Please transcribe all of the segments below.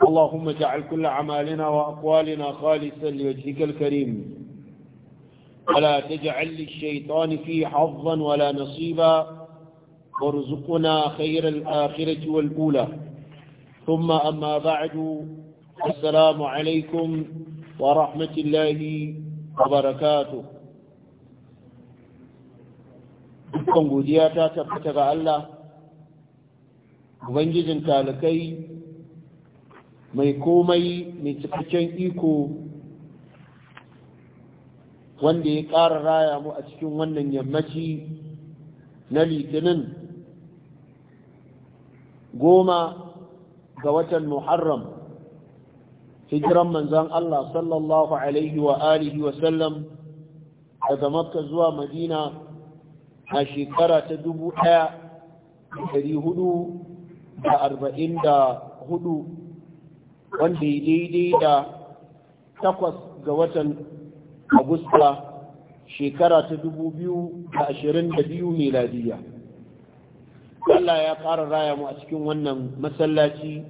اللهم اجعل كل أعمالنا وأقوالنا خالصا لوجهك الكريم ولا تجعل للشيطان فيه حظا ولا نصيبا وارزقنا خير الآخرة والأولى ثم أما بعد السلام عليكم ورحمة الله وبركاته dukkan godiya ta tabbata ga Allah Ubangijin talakai mai komai mai cikakken iko wanda ya ƙara raya mu a cikin wannan yammaci na litinin goma ga watan muharram hijiran manzan Allah sallallahu alaihi wa alihi wa sallam daga makka zuwa madina a shekara ta dubu ɗaya da da arba'in hudu wanda ya daidai da takwas ga watan agusta shekara ta dubu biyu da ashirin da biyu meladiya Allah ya ƙara raya mu a cikin wannan masallaci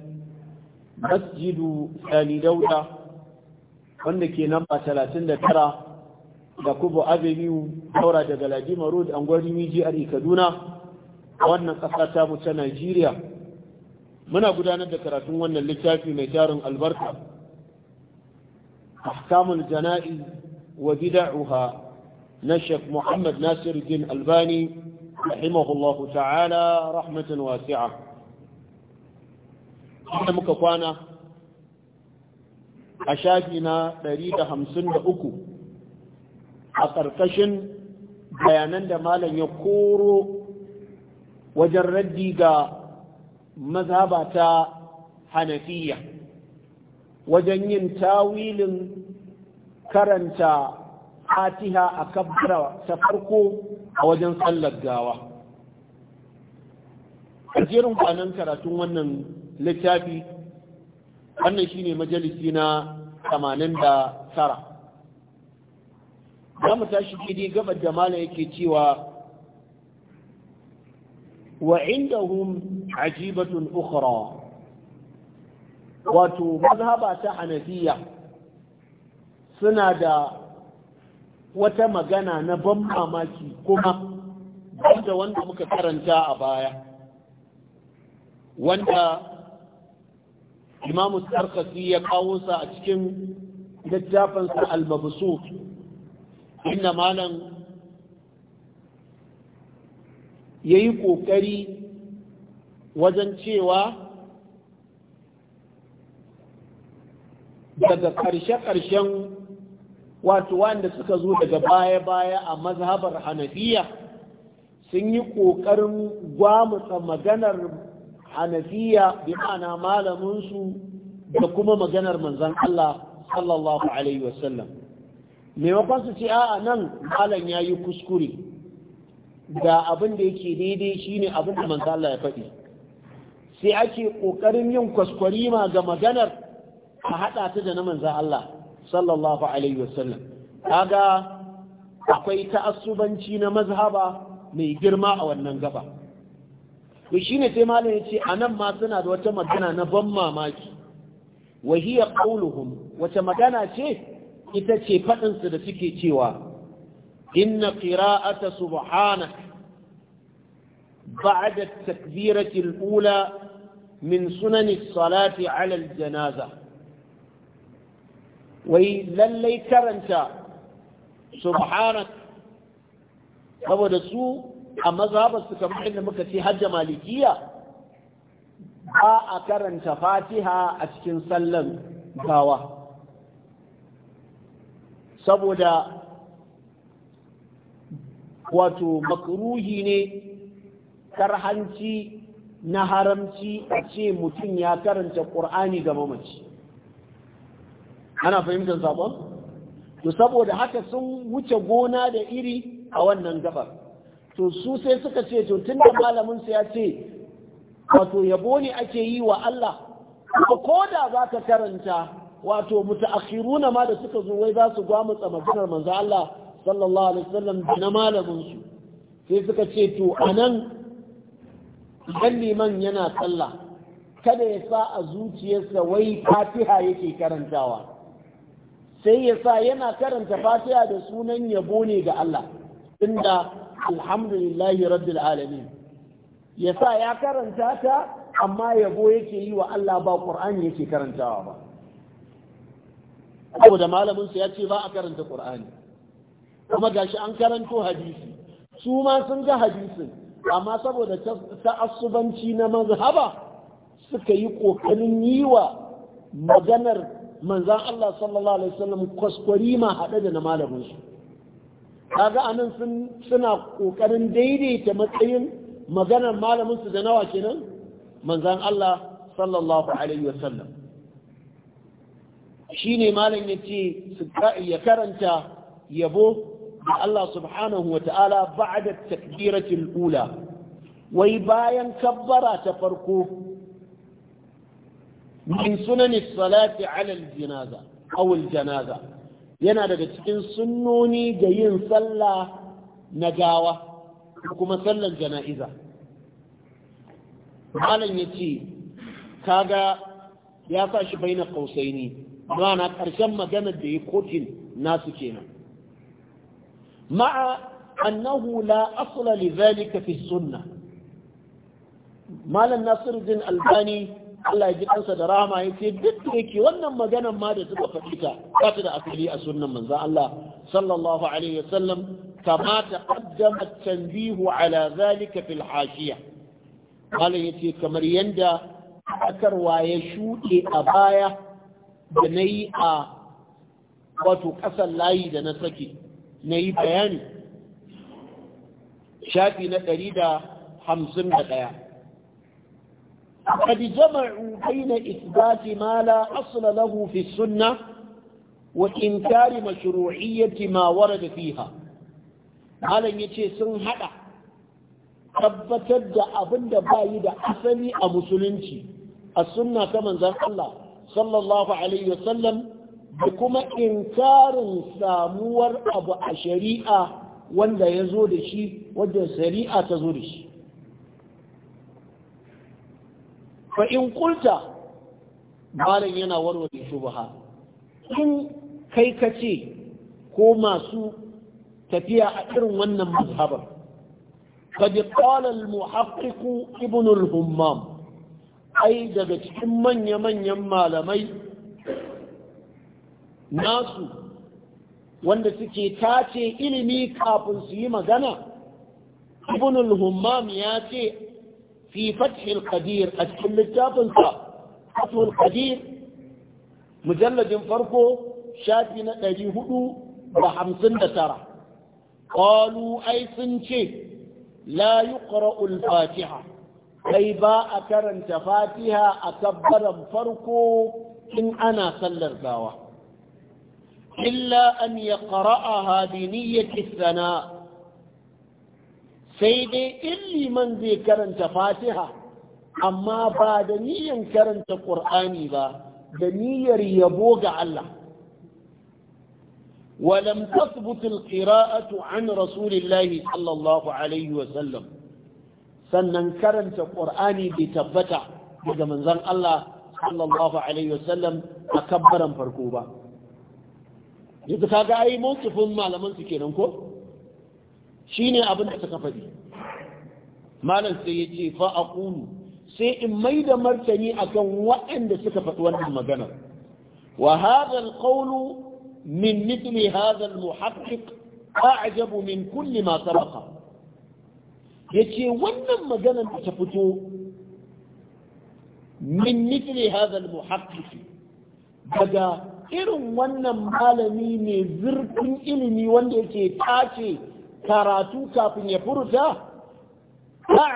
masjidu sani dauda wanda ke namba talatin da tara da kubo avenue daura daga ladima road an gwari miji a kaduna wannan ƙasa ta mu ta najeriya muna gudanar da karatun wannan littafi mai tarin albarka ahkamul jana'i wa bid'uha na Sheikh Muhammad din Albani rahimahullahu ta'ala rahmatan wasi'a inda muka kwana a shafi na 153 a ƙarƙashin bayanan da malam ya koro wajen raddi ga mazhaba ta hanafiya wajen yin tawilin karanta fatiha a kabbara ta farko a wajen sallar gawa a jerin kwanan karatun wannan littafi wannan shine majalisi na 89 za mu tashi gidi gabar da Malam yake cewa وعندهم عجيبة أخرى wato mazhaba ta hanafiya suna da wata magana na ban mamaki kuma da wanda muka karanta a baya wanda imamu tsarkasi ya kawo sa a cikin littafinsa al-mabsut inda malam ya yi ƙoƙari wajen cewa daga ƙarshe-ƙarshen wato wanda suka zo daga baya-baya a mazhabar hanafiya sun yi ƙoƙarin gwamutsa maganar hanafiya bi ma'ana malaminsu da kuma maganar manzan Allah sallallahu Alaihi wasallam maimakon su ce a nan malam ya yi kuskure ga abin da yake daidai shine abin da manzo Allah ya faɗi sai ake ƙoƙarin yin kwaskwarima ga maganar a hada ta da na manzo Allah sallallahu alaihi wasallam kaga akwai ta'assubanci na mazhaba mai girma a wannan gaba to shine sai malam yace anan ma suna da wata magana na ban mamaki wa hiya qauluhum wata magana ce ita ce fadin da suke cewa إن قراءة سبحانك بعد التكبيرة الأولى من سنن الصلاة على الجنازة lallai كرنت سبحانك saboda su a mazhabarsu kamar inda muka ce hajja malikiya ba a karanta fatiha a cikin sallan gawa saboda wato makruhi ne karhanci na haramci a ce mutum ya karanta ƙur'ani ga mamaci ana fahimtar sabon? to saboda haka sun wuce gona da iri a wannan gabar to su sai suka ce to tun da malaminsu ya ce wato yabo ne ake yi wa Allah ko da za ka karanta wato mutu ma da suka zo wai za su gwamutsa maganar manzo Allah sallallahu alaihi wasallam da na malaminsu sai suka ce to a nan idan liman yana sallah kada ya sa a zuciyarsa wai fatiha yake karantawa sai ya sa yana karanta fatiha da sunan yabo ne ga Allah inda alhamdulillahi rabbil alamin ya sa ya karanta ta amma yabo yake yi wa Allah ba Qur'ani yake karantawa ba saboda malamin sa ya ce ba a karanta Qur'ani kuma gashi an karanto hadisi su ma sun ga hadisin amma saboda ta'assubanci na mazhaba suka yi kokarin yi wa maganar manzan Allah sallallahu alaihi wasallam kwaskwari ma haɗe da na malamin su kaga anan sun suna kokarin daidaita matsayin maganar malamin su da nawa kenan manzan Allah sallallahu alaihi wasallam shine malam yace su ya karanta yabo da Allah subhanahu wa ta'ala ba'da takbiratul ula wai bayan kabbara ta farko min sunani salati ala janaza aw janaza yana daga cikin sunnoni da yin sallah na gawa kuma sallar jana'iza malam yace kaga ya sa shi baina qausaini ma'ana karshen maganar da ya kotin nasu kenan مع أنه لا أصل لذلك في السنة malam nasiruddin albani Allah ya ji da rahama ya ce duk yake wannan maganar ma da suka faɗi ta ba ta da asali a sunnan manzon Allah sallallahu alaihi wasallam kama taqaddama tanbihu ala zalika fil hashiya malam yace kamar yanda akarwa ya shuɗe a baya da nayi a wato ƙasar layi da na saki na yi bayani shafi na ɗari da hamsin da ɗaya ƙadi jama'u haina isbati ma la asula lahu fi sunna wa inkari mashru'iyyati ma warada fiha malam yace sun haɗa tabbatar da abinda ba yi da asali a musulunci a sunna ta manzon Allah sallallahu da kuma inkarin samuwar abu a shari'a wanda ya zo da shi wadda shari'a ta zo da shi fa in kulta malam yana warware shubha in kai ka ce ko masu tafiya a irin wannan mazhabar قد قال Ibn ابن الهمام ai daga cikin manya-manyan malamai nasu wanda suke tace ilimi kafin su yi magana ibn humam ya ce fi fathil qadir a cikin littafinsa fathul qadir mujalladin farko shafi na ɗari hudu da hamsin da tara ƙalu ai sun ce la yi fatiha kai ba a karanta fatiha a tabbaran farko in ana sallar gawa إلا أن يقرأها بنية الثناء سيدي إلي من ذي كرنت فاتحة أما بعد نيا كرنت قرآني با دنيا يبوغ الله ولم تثبت القراءة عن رسول الله صلى الله عليه وسلم sannan karanta ƙur'ani bai tabbata daga manzon Allah sallallahu alaihi wasallam a kabbaran farko ba yanzu kaga ai mawqifin malaman su kenan ko shine abin da suka faɗi malam sai ya ce fa aqulu sai in mai da martani akan waɗanda suka faɗi wannan magana wa hadha alqawlu min mithli ba a jabu min kulli ma Ya yace wannan maganar da ta fito min mithli hadha almuhaqqiq daga irin wannan malami mai zurfin ilimi wanda yake tace karatu kafin ya furta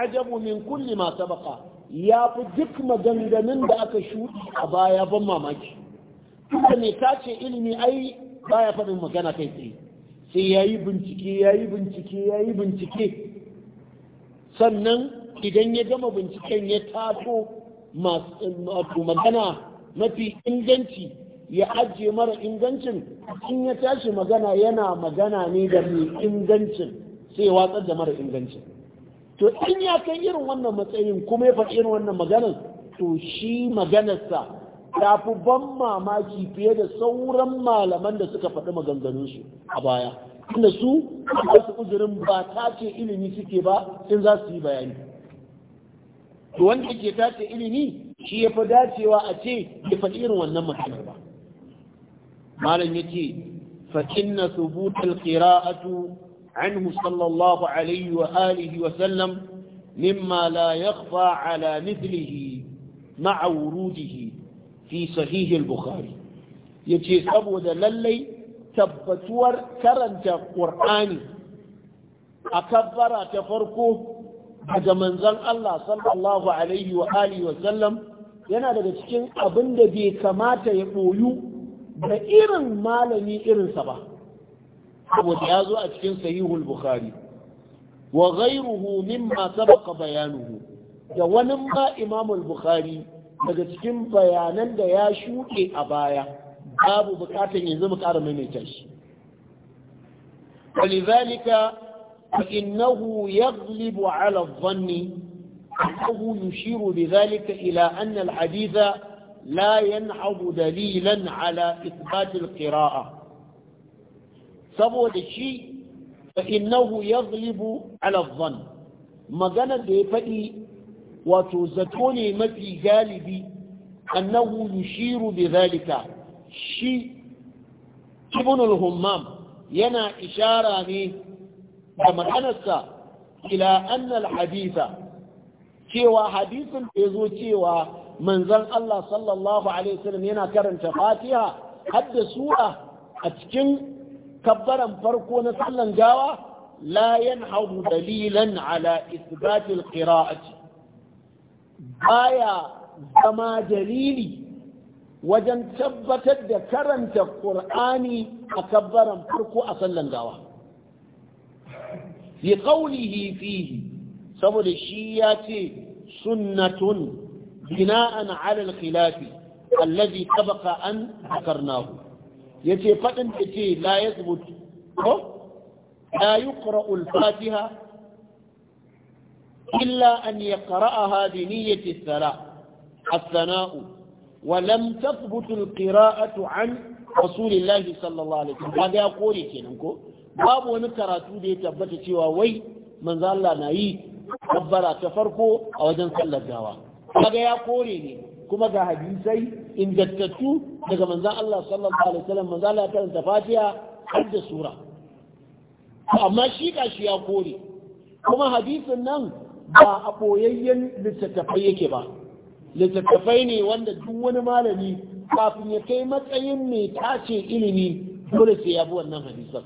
ajabu min kulli ma sabaka ya fi duk maganganun da aka shuɗi a baya ban mamaki duka mai tace ilimi ai baya faɗin magana kai tsaye sai ya yi bincike ya yi bincike ya yi bincike sannan idan ya gama binciken ya taso magana mafi inganci ya ajiye mara ingancin in ya tashi magana yana magana ne da mai ingancin sai watsar da mara ingancin to in ya kai irin wannan matsayin kuma ya faɗi irin wannan maganar to shi maganarsa ta fi ban mamaki fiye da sauran malaman da suka faɗi maganganunsu a baya inda su su uzurin ba ta ce ilimi suke ba in za su yi bayani to wanda ke tace ilimi shi ya fi dacewa a ce ya faɗi irin wannan maganar ba malam yace fa inna thubut alqira'atu anhu sallallahu alaihi wa alihi wa sallam mimma la yakhfa ala mithlihi ma'a wurudihi fi sahih al-bukhari yace saboda lallai tabbatuwar karanta qur'ani a kabbara ta farko daga manzon Allah sallallahu alaihi wa alihi wa sallam yana daga cikin abin da bai kamata ya ɓoyu da irin malami irinsa ba saboda ya zo a cikin sahihul bukhari wa ghayruhu mimma sabaqa bayanuhu da wani ma imamul bukhari daga cikin bayanan da ya shuke a baya babu bukatan yanzu mu ƙara maimaita shi ولذلك فإنه يغلب على الظن أنه يشير بذلك إلى أن الحديث لا ينحب دليلا على إثبات القراءة سبو دشي فإنه يغلب على الظن مغانا ديفئي وتوزتوني مفي غالبي أنه يشير بذلك شي ابن الهمام ينا إشارة كمغانسة إلى أن الحديث cewa hadisin da ya zo cewa manzon Allah sallallahu alaihi wasallam yana karanta Fatiha hadda sura a cikin kabbaran farko na sallan gawa la hau dalilan ala isbat alqira'ati baya zama dalili wajen tabbatar da karanta Qur'ani a kabbaran farko a sallan gawa li qawlihi fihi saboda shi ya ce sunnatun zina ala al-khilafi alladhi sabaqa an dhakarnahu yace fadin da ce la yathbut ko la yuqra al-fatiha illa an yaqra'aha bi niyyati as-sala as-sana'u wa lam tathbut al-qira'atu an rasulillahi sallallahu alaihi wasallam kaga ya kore kenan ko babu wani karatu da ya tabbata cewa wai manzo Allah na yi kabbara ta farko a wajen sallar gawa kaga ya kore ne kuma ga hadisai ingantattu daga manzan Allah sallallahu alaihi wasallam manzan Allah ta da Fatiha har da sura amma shi ka shi ya kore kuma hadisin nan ba a boyayyen littattafai yake ba littattafai ne wanda duk wani malami kafin ya kai matsayin mai tace ilimi dole sai ya bi wannan hadisan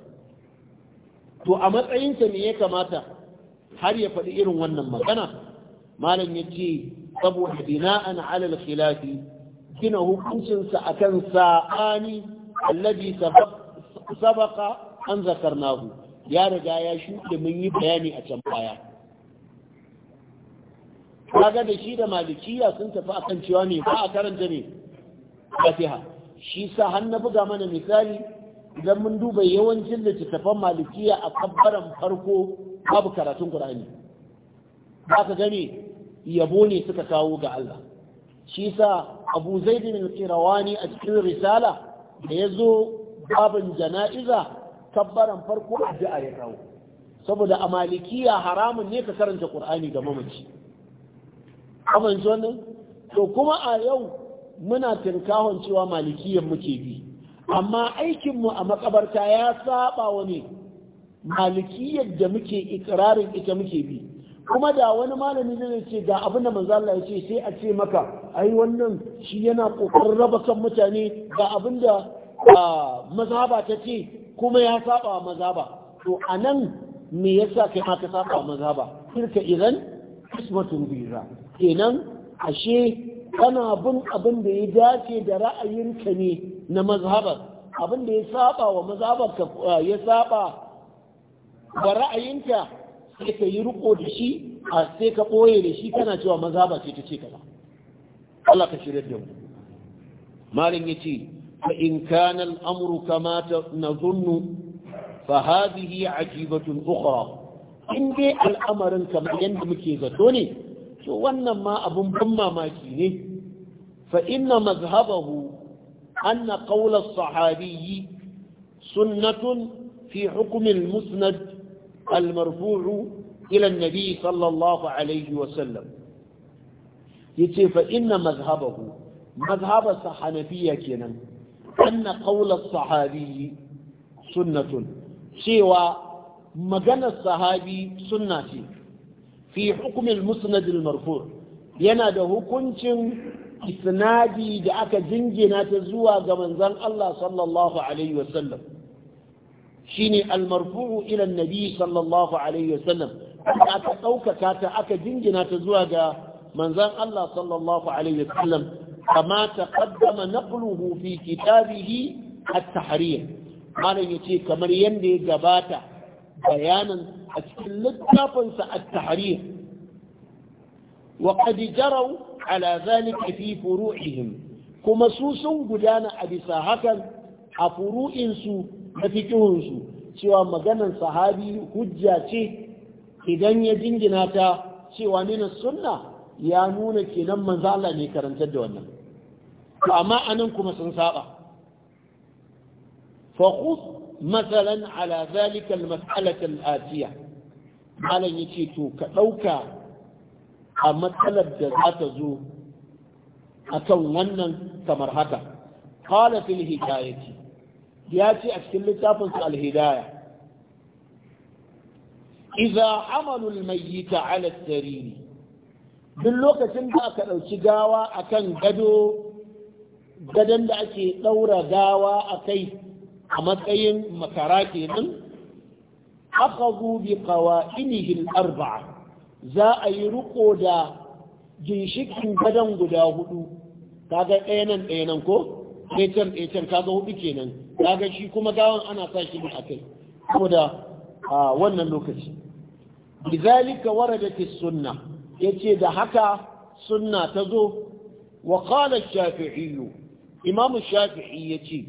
to a matsayinsa ne ya kamata har ya faɗi irin wannan magana malam ya ce saboda bina'an alal khilafi gina hukuncinsa akan sa'ani alladhi sabaqa an zakarnahu ya riga ya shuke mun yi bayani a can baya kaga da shi da malikiya sun tafi akan cewa ne ba a karanta ne fatiha shi sa har na buga mana misali idan mun duba yawancin littattafan malikiya a kabbaran farko babu karatun qur'ani ba ka gani yabo ne suka kawo ga Allah shi sa Abu Zaid bin ne a cikin risala da ya zo babin jana'iza tabbaran farko addu'a ya kawo saboda a malikiya haramun ne ka karanta Qur'ani ga mamaci abin wannan to kuma a yau muna tinkahon cewa malikiyan muke bi amma aikinmu a makabarta ya saba wa ne malikiyar da muke ikirarin ita muke bi kuma da wani malami zai ce ga abin da manzo Allah ya ce sai a ce maka ai wannan shi yana kokarin raba kan mutane ga abin da mazhaba ta ce kuma ya saba mazhaba to anan me yasa kai ma ka saba mazhaba kirka idan ismatun biza kenan ashe kana bin abin da ya dace da ra'ayinka ne na mazhabar abin da ya saba wa mazhabar ya saba ga ra'ayinka sai ka yi riko da shi a sai ka ɓoye da shi kana cewa maza ba sai ta ce kaza Allah ka shirya da mu malam ya ce fa in kana al'amru kama ta nazunnu fa hadhihi ajibatun ukhra in dai al'amarin kamar yadda muke zato ne to wannan ma abun ban mamaki ne fa inna mazhabahu anna qawla as-sahabiyyi sunnatun fi hukm al-musnad المرفوع إلى النبي صلى الله عليه وسلم يتي فإن مذهبه مذهب الصحنفية كنا أن قول الصحابي سنة سوى مجن الصحابي سنة في حكم المسند المرفوع ينادى كنت إسنادي دعك جنجنا تزوى زمن الله صلى الله عليه وسلم shine almarfu'u ila annabi sallallahu alaihi wasallam aka daukaka ta aka jingina ta zuwa ga manzon Allah sallallahu alaihi wasallam kama taqaddama naqluhu fi kitabihi at-tahrir malan yace kamar yanda ya gabata bayanan a cikin littafinsa at-tahrir wa qad jaraw ala zalika fi furu'ihim kuma su sun gudana a bisa hakan a furu'insu mafikinsu cewa maganan sahabi hujja ce idan ya jingina ta cewa nuna sunna ya nuna kenan manzala ne karantar da wannan amma anan kuma sun saba Fokus, matsalar masalan ala zalika almas'alata alatiya malan yace to ka ɗauka a matsalar da za ta zo akan wannan kamar haka qala fil hikayati ya ce a cikin littafin su alhidaya iza hamalul mayyita ala sariri duk lokacin da aka ɗauki gawa akan gado gadon da ake ɗaura gawa a kai a matsayin makara kenan aka bi qawa'inihi al-arba'a za a yi riko da ginshikin gadon guda hudu kaga ɗayanan nan ɗaya nan ko ɗaya can ɗaya can kaga hudu kenan ga shi kuma gawan ana sa shi a kai saboda a wannan lokaci bizalika waradati sunna yace da haka sunna ta zo wa qala shafi'i imamu shafi'i yace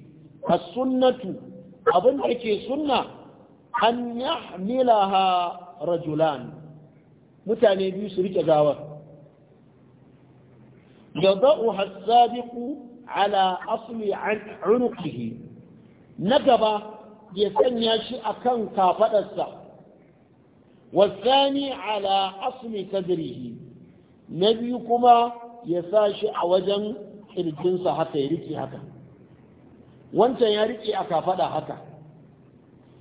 as-sunnatu abin da ke sunna an yahmilaha rajulan mutane biyu su rike gawar yadau hasabiqu ala asli an unuqihi na gaba ya sanya shi a kan kafaɗarsa wasani ala asmi kadrihi na biyu kuma ya sa shi a wajen ƙirjinsa haka ya riƙe haka wancan ya riƙe a kafaɗa haka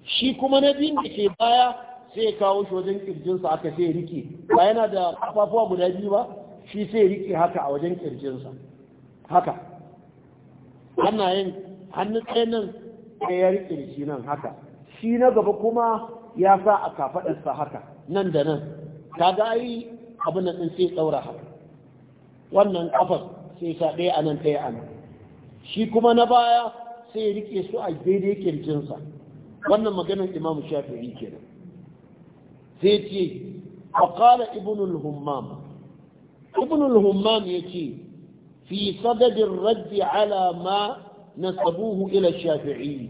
shi kuma na biyu da ke baya sai ya kawo shi wajen ƙirjinsa haka sai ya riƙe ba yana da kafafuwa guda biyu ba shi sai ya riƙe haka a wajen ƙirjinsa haka hannayen hannun tsaye nan sai ya rike shi nan haka shi na gaba kuma ya sa a kafaɗarsa haka nan da nan kaga ai abin nan sai tsaura haka wannan ƙafar sai sa ɗaya a nan ɗaya a nan shi kuma na baya sai ya rike su a daidai kirjinsa wannan maganar imam shafi'i kenan sai ce a ƙara ibnul hummam ibnul hummam ya ce fi sadadin raddi ala ma nasabuhu ila shafi'i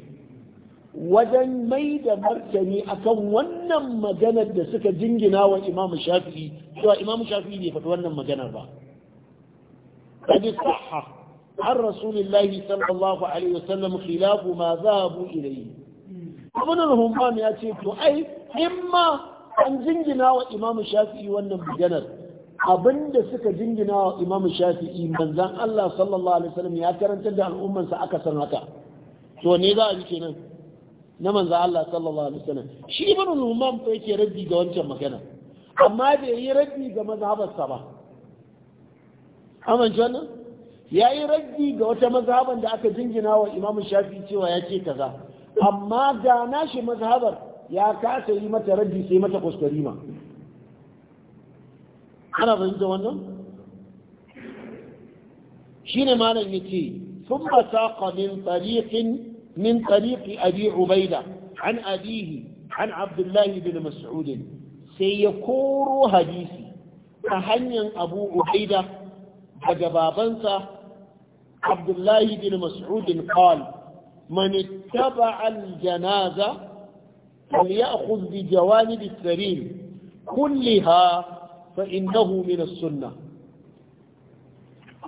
wajen mai da martani akan wannan maganar da suka jingina wa imamu shafi'i cewa imamu shafi'i bai faɗi wannan maganar ba قد صح عن رسول الله صلى الله عليه وسلم خلاف ما ذهبوا إليه ابن الهمام يأتي أي إما أن زنجنا وإمام الشافعي والنبي جنر abin da suka jingina wa Imam shafi'i manzan Allah sallallahu alaihi wasallam ya karanta da al'ummansa aka san haka to ne za a ji kenan na manzan Allah sallallahu alaihi wasallam shi ibn al-humam fa yake raddi ga wancan magana amma bai yi raddi ga mazhabarsa ba amince wannan ya yi raddi ga wata mazhaban da aka jingina wa Imam shafi'i cewa ya ce kaza amma da nashi mazhabar ya kasa yi mata raddi sai mata kuskurima ana fahimta wannan shine malam yace sun ba saqa min tariqin min abi ubaida an abihi an abdullahi bin mas'ud sai ya kuru hadisi ta hanyar abu daga babansa abdullahi bin mas'ud qala من اتبع الجنازة فليأخذ بجوانب السرير كلها fa innahu min as-sunnah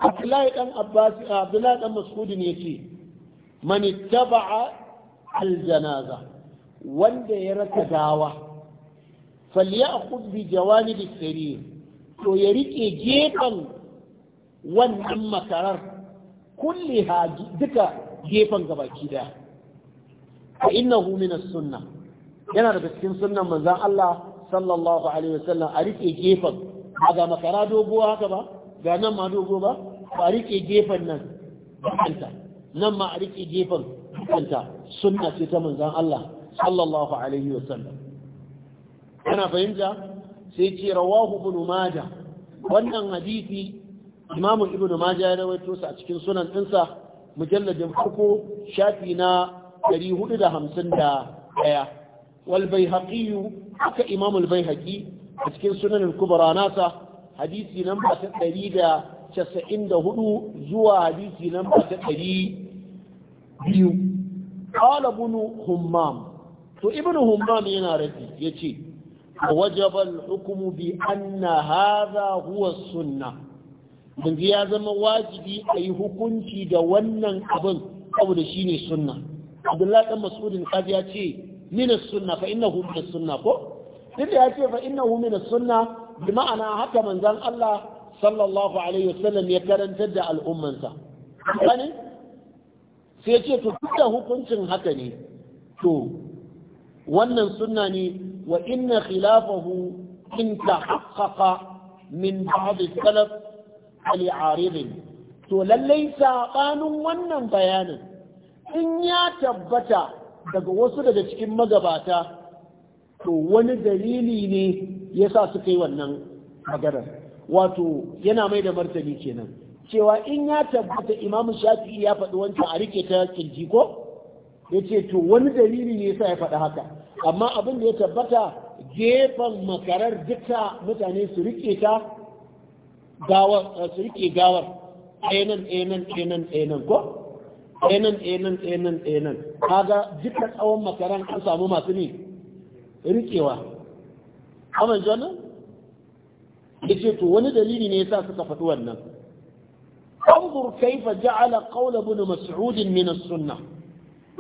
Abdullahi dan Abbas Abdullahi dan Mas'ud ne yace man ittaba'a al-janaza wanda ya raka dawa falyakhudh bi jawanib as-sarir to ya rike gefen wannan makarar kulliha duka gefen gabaki daya fa innahu min as-sunnah yana daga cikin sunnan manzon Allah sallallahu alaihi wasallam a rike gefen ba ga makara doguwa haka ba ga nan ma dogo ba ba a rike gefen nan kanta nan ma a rike gefen kanta sunna ce ta manzon Allah sallallahu alaihi wasallam kana fahimta sai ce rawahu ibn majah wannan hadisi imam ibn majah ya rawaito sa a cikin sunan dinsa mujalladin farko shafi na 451 wal bayhaqi haka Imamul bai baihaqi a cikin sunan al-kubra nasa hadisi namba ta hudu zuwa hadisi namba ta biyu. qala bunu hummam to ibn hummam yana rabi ce wajaba al-hukm bi anna hadha huwa as yanzu ya zama wajibi a yi hukunci da wannan abin da shi ne sunna abdullahi ɗan masudin kaji ya ce minas sunna fa inna hu sunna ko duk da ya ce fa innahu min sunna bi ma'ana haka manzon Allah sallallahu alaihi wasallam ya karantar da al'ummansa kani sai ce to duk da hukuncin haka ne to wannan sunna ne wa inna khilafahu in tahaqqaqa min ba'd salaf al-arid to lallai sabanin wannan bayanin in ya tabbata daga wasu daga cikin magabata to wani dalili ne ya sa suka yi wannan maganar wato yana mai da martani kenan cewa in ya tabbata imamu shafi ya faɗi wancan a rike ta kirji ko ya ce to wani dalili ne ya sa ya faɗi haka amma abin da ya tabbata gefen makarar duka mutane su rike ta gawar eh, su rike gawar ɗayanan ɗayanan ɗayanan ɗayanan ko ɗayanan ɗayanan ɗayanan ɗayanan kaga duka tsawon makaran an samu masu ne rikewa amma jana yace to wani dalili ne yasa suka fatu wannan anzur kaifa ja'ala qawl ibn mas'ud min as-sunnah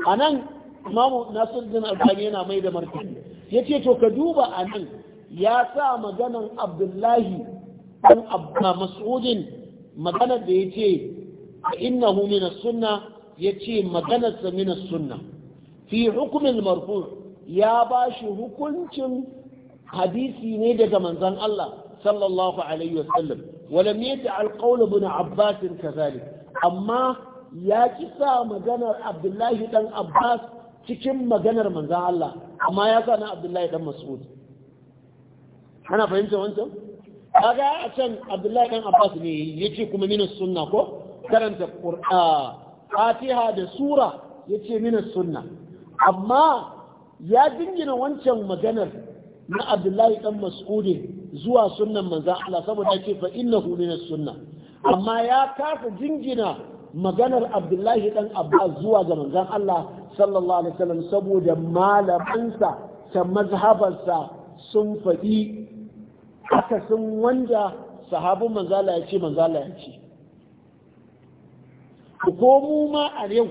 anan imam nasruddin al-albani yana mai da marke yace to ka duba anan ya sa maganan abdullahi dan abba mas'ud magana da yace innahu min as-sunnah yace maganarsa min as-sunnah fi hukmin marfu' ya ba shi hukuncin hadisi ne daga manzon Allah sallallahu alaihi wasallam walam yaj'al qawl ibn Abbas kazalik amma ya ki sa maganar Abdullahi dan Abbas cikin maganar manzon Allah amma ya sa na Abdullahi dan Mas'ud ana fahimta wancan kaga a can Abdullahi dan Abbas ne yace kuma min sunna ko karanta Qur'an Fatiha da sura yace min sunna amma ya dingina wancan maganar na abdullahi dan mas'udin zuwa sunnan manzan Allah saboda ce fa innahu min sunna amma ya kasa dingina maganar abdullahi dan abbas zuwa ga manzan Allah sallallahu alaihi wasallam saboda malamansa ta mazhabarsa sun faɗi akasin wanda sahabin manzala ya ce manzala ya ce ko mu ma a yau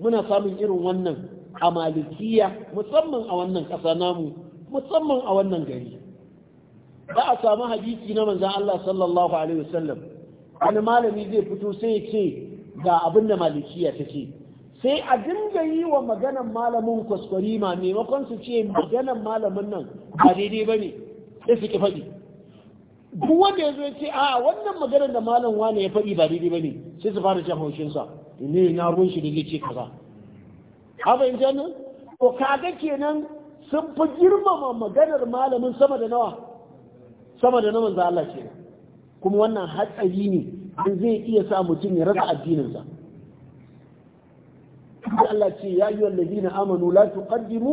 muna samun irin wannan a malikiya musamman a wannan ƙasa namu musamman a wannan gari ba a samu hadisi na manzan Allah sallallahu alaihi wasallam wani malami zai fito sai ya ce ga abin da malikiya ta ce sai a dinga yi wa maganan malamin kwaskwarima maimakon su ce maganan malamin nan ba daidai ba ne sai su ki faɗi duk wanda ya zo ya ce a wannan maganar da malam wane ya faɗi ba daidai ba ne sai su fara jan haushinsa ne na ruwan shi da zai ce kaza abin jani ko kaga kenan sun fi girmama maganar malamin sama da nawa sama da naman Allah ce kuma wannan hatsari ne an zai iya sa mutum ya rasa addininsa Allah ce ya yi wallazi na amanu la tuqaddimu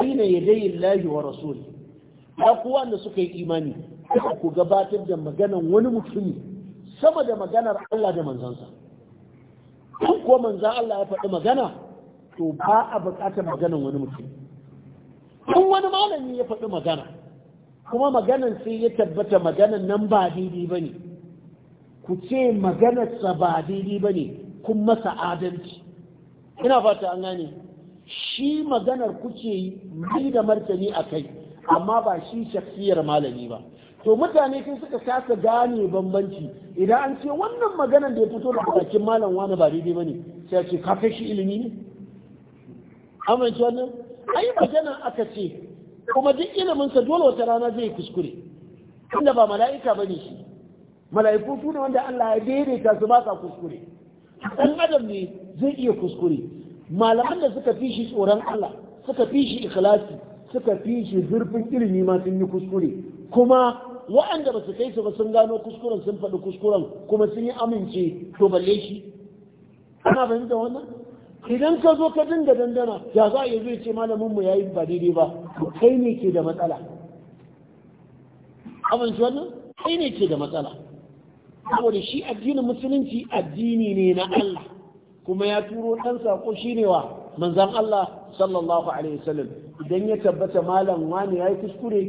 bayna yadayi Allah wa rasuli ya ku wanda suka yi imani ku gabatar da maganar wani mutum sama da maganar Allah da manzansa ko manzan Allah ya faɗi magana to ba a buƙatar maganar wani mutum in wani malami ya faɗi magana kuma maganar sai ya tabbata maganan nan ba daidai ba ne ku ce maganarsa ba daidai ba ne kun masa adalci ina fata an gane shi maganar kuke yi mai da martani a kai amma ba shi shafiyar malami ba to mutane sai suka kasa gane bambanci idan an ce wannan maganar da ya fito da bakin malam wani ba daidai ba ne sai ce ka kai shi ilimi ne amince wannan ai magana aka ce kuma duk iliminsa dole wata rana zai kuskure inda ba mala'ika bane shi mala'iku su wanda Allah ya daidaita su ba sa kuskure dan adam ne zai iya kuskure malaman da suka fi shi tsoron Allah suka fi shi ikhlasi suka fi shi zurfin ilimi ma sun yi kuskure kuma waɗanda ba su kai su ba sun gano kuskuren sun faɗi kuskuren kuma sun yi amince to balle shi ana fahimta wannan idan ka zo ka dinga dandana ya za a yi zai ce malaminmu ya yi ba daidai ba kai ne ke da matsala abin shi wannan kai ne ke da matsala saboda shi addinin musulunci addini ne na Allah kuma ya turo ɗan sako shi ne wa manzan Allah sallallahu alaihi wasallam idan ya tabbata malam wani ya yi kuskure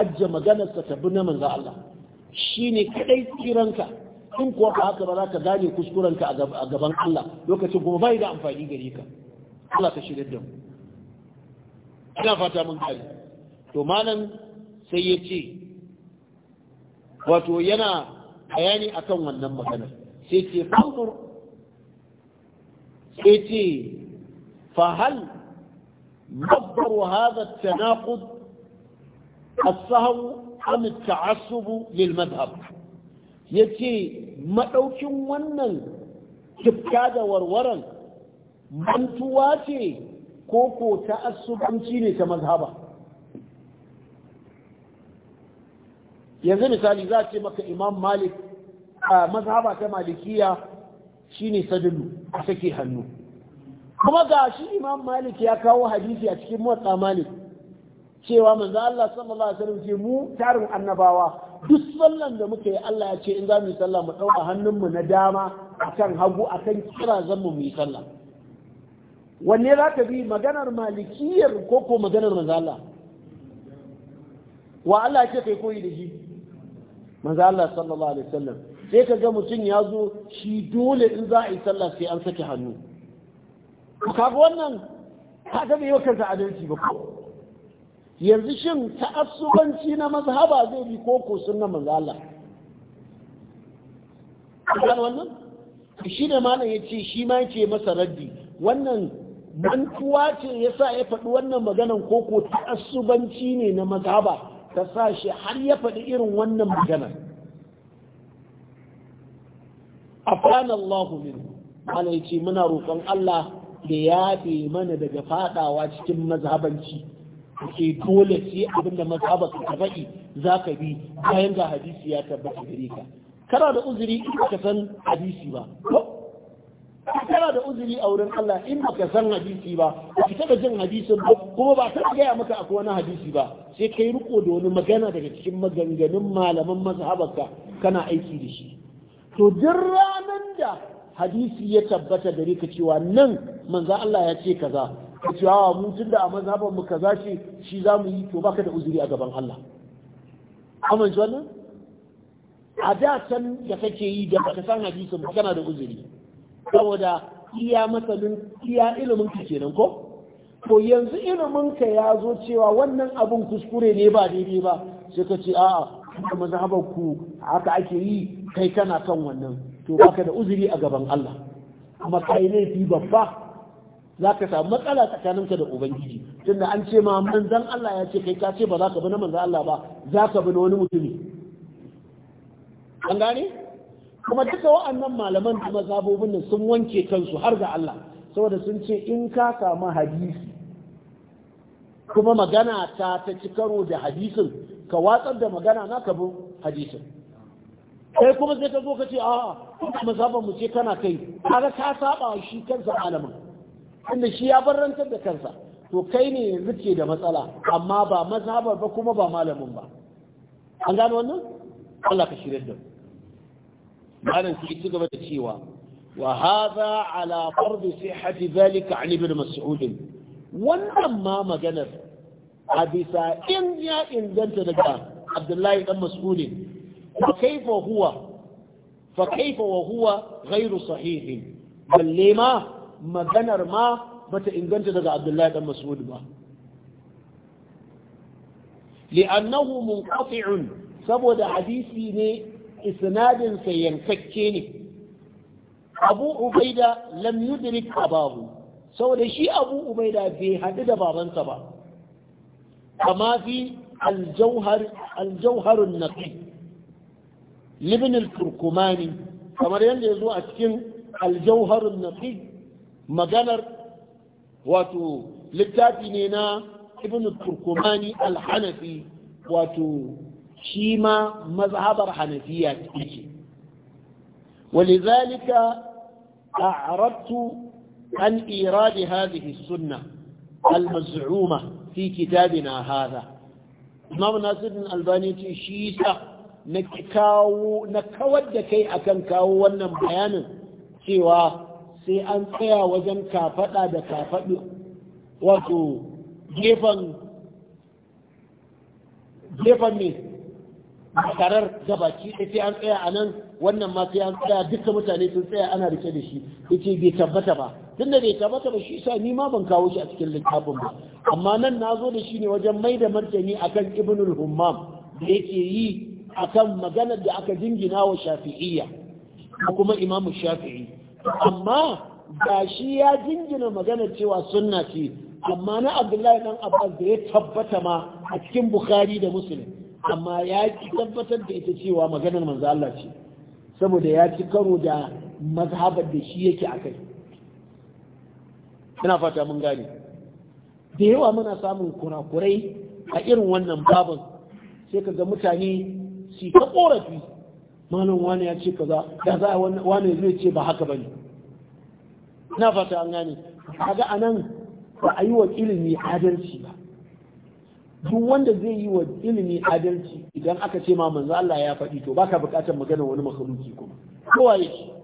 ajje maganarsa ta na manzan Allah shi ne kaɗai kiranka in kuwa ba haka ba za ka gane kuskurenka a gaban Allah lokacin kuma bai da amfani gare ka Allah ta shirya da mu ina fata mun gane to malam sai ya ce wato yana bayani akan wannan magana sai ce fanzur sai ce fahal مصدر هذا التناقض السهو أم التعصب للمذهب ya ce maɗaukin wannan kifka da warwaran mantuwa ce ko ko ta asubanci ne ta mazhaba yanzu misali za a ce maka imam malik a mazhaba ta malikiya shine sadilu a sake hannu kuma ga shi imam malik ya kawo hadisi a cikin motsa malik cewa manzo Allah sallallahu alaihi wasallam ce mu tarin annabawa duk sallan da muka yi Allah ya ce in za mu yi sallah mu ɗauka hannunmu na dama akan hagu akan kira zan mu yi sallah wanne za ka bi maganar malikiyar ko ko maganar manzala? wa Allah ce kai koyi da shi Manzala sallallahu alaihi wasallam sai ka ga mutum ya zo shi dole in za a yi sallah sai an saki hannu ga wannan ga bai yau kansa adalci ba ko yanzu shin ta'assubanci na mazhaba zai bi koko ko na manzo Allah wannan shi ne malam yace shi ma yace masa raddi wannan mantuwa ce yasa ya faɗi wannan maganan koko ta'assubanci ne na mazhaba ta sa shi har ya faɗi irin wannan magana afana Allah min malam yace muna roƙon Allah da yafe mana daga fadawa cikin mazhabanci ke dole ce abin da mazhaba ka faɗi za ka bi bayan ga hadisi ya tabbata gare ka kana da uzuri in ka san hadisi ba kana da uzuri a wurin Allah in baka san hadisi ba ki taba jin hadisin ba kuma ba ta gaya maka akwai wani hadisi ba sai kai riko da wani magana daga cikin maganganun malaman mazhabarka kana aiki da shi to duk ranan da hadisi ya tabbata gare ka cewa nan manzo Allah ya ce kaza ka ce a mu tun da a mazhaban mu kaza ce shi za mu yi to baka da uzuri a gaban Allah amince wannan a da can da kake yi da baka san hadisin ba kana da uzuri saboda iya matsalin iya ilimin ka kenan ko to yanzu ilimin ka ya zo cewa wannan abun kuskure ne ba daidai ba sai ka ce a'a da mazhaban ku haka ake yi kai kana kan wannan to baka da uzuri a gaban Allah amma kai laifi babba za ka samu matsala tsakaninka da ubangiji tunda an ce ma manzan Allah ya ce kai ka ce ba za ka bi na manzan Allah ba za ka bi na wani mutumi an gane kuma duka wa'annan malaman da mazhabobin nan sun wanke kansu har ga Allah saboda sun ce in ka samu hadisi kuma magana ta ta ci karo da hadisin ka watsar da magana na ka bi hadisin kai kuma sai ka zo ka ce a'a kuma mazhaban mu ce kana kai kaga ka saba shi kansa malamin inda shi ya barrantar da kansa to kai ne yanzu ke da matsala amma ba mazhabar ba kuma ba malamin ba an gano wannan Allah ka shirye da malam sai ci gaba da cewa wa hadha ala fard sihhati zalika ibn mas'ud wannan ma maganar a in ya inganta daga Abdullahi dan Mas'ud fa kaifa huwa fa kaifa wa huwa ghairu sahih balle ma maganar ma bata inganta daga abdullahi dan mas'ud ba li'annahu munqati'un saboda hadisi ne isnadin sa yankakke ne abu ubaida lam yudrik ababu saboda shi abu ubaida bai hadu da babansa ba kama fi aljauhar aljauharun naqi libn al-turkumani kamar yadda ya zo a cikin aljauharun naqi maganar wato littafi ne na ibn turkumani al-hanafi wato shi ma mazhabar hanafiya yake walizalika a'rabtu an iradi hadhihi sunna al-maz'uma fi kitabina hadha imam nasir al-albani ce shi sa na na kawar da kai akan kawo wannan bayanin cewa sai an tsaya wajen kafada da kafadu wato gefen gefen ne makarar da sai an tsaya a nan wannan ma sai an tsaya duka mutane sun tsaya ana rike da shi yace bai tabbata ba tunda bai tabbata ba shi sa ni ma ban kawo shi a cikin littafin ba amma nan na zo da shi ne wajen mai da martani akan ibnul hummam da yake yi akan maganar da aka jingina wa shafi'iyya kuma imamu shafi'i amma ba shi ya jingina magana cewa sunna ce amma na abdullahi dan abbas da ya tabbata ma a cikin bukhari da muslim amma ya ci tabbatar da ita cewa maganar manzo Allah ce saboda ya ci karo da mazhabar da shi yake akai ina fata mun gane da yawa muna samun kurakurai a irin wannan babin sai ka ga mutane su ta korafi malam wani ya ce kaza da za wani zai ce ba haka ba ne, na fata an gane kaga anan ba a yi wa ilimi adalci ba duk wanda zai yi wa ilimi adalci idan aka ce ma manzo Allah ya faɗi to baka buƙatar magana wani makhluki kuma kowa ce,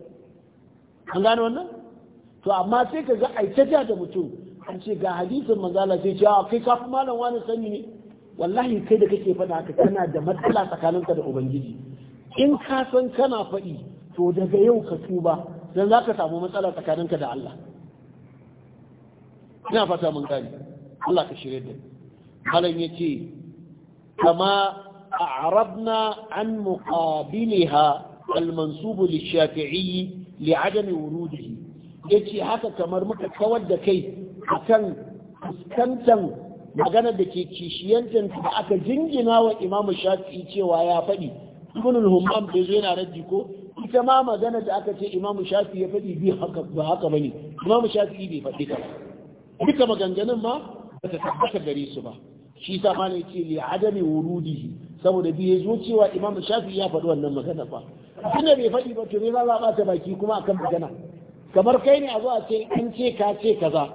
an gane wannan to amma sai ka ga ta da mutum an ce ga hadisin manzo Allah sai ce ah, kai kafin malam wani sani ne wallahi kai da kake faɗa haka kana da matsala tsakaninka da ubangiji in ka san kana faɗi to daga yau ka tuba don za ka samu matsala tsakaninka da Allah ina fata mun gani Allah ka shirye da malam yace kama a'rabna an muqabilaha al-mansub li shafii li'adami wurudihi ce haka kamar muka kawar da kai kan fuskantan maganar da ke kishiyantar da aka jingina wa imamu shafi'i cewa ya faɗi ibn al-humam da zai yana raddi ko ita ma magana da aka ce Imam shafi ya faɗi bi haka ba haka bane Imam shafi bai faɗi ka duka maganganun ma ba ta tabbata gare su ba shi sa ma ne ce li adami wurudihi saboda bi zo cewa Imam shafi ya faɗi wannan magana ba tunda bai faɗi ba to ne za ba ta baki kuma akan magana kamar kai ne a zo a ce an ce ka ce kaza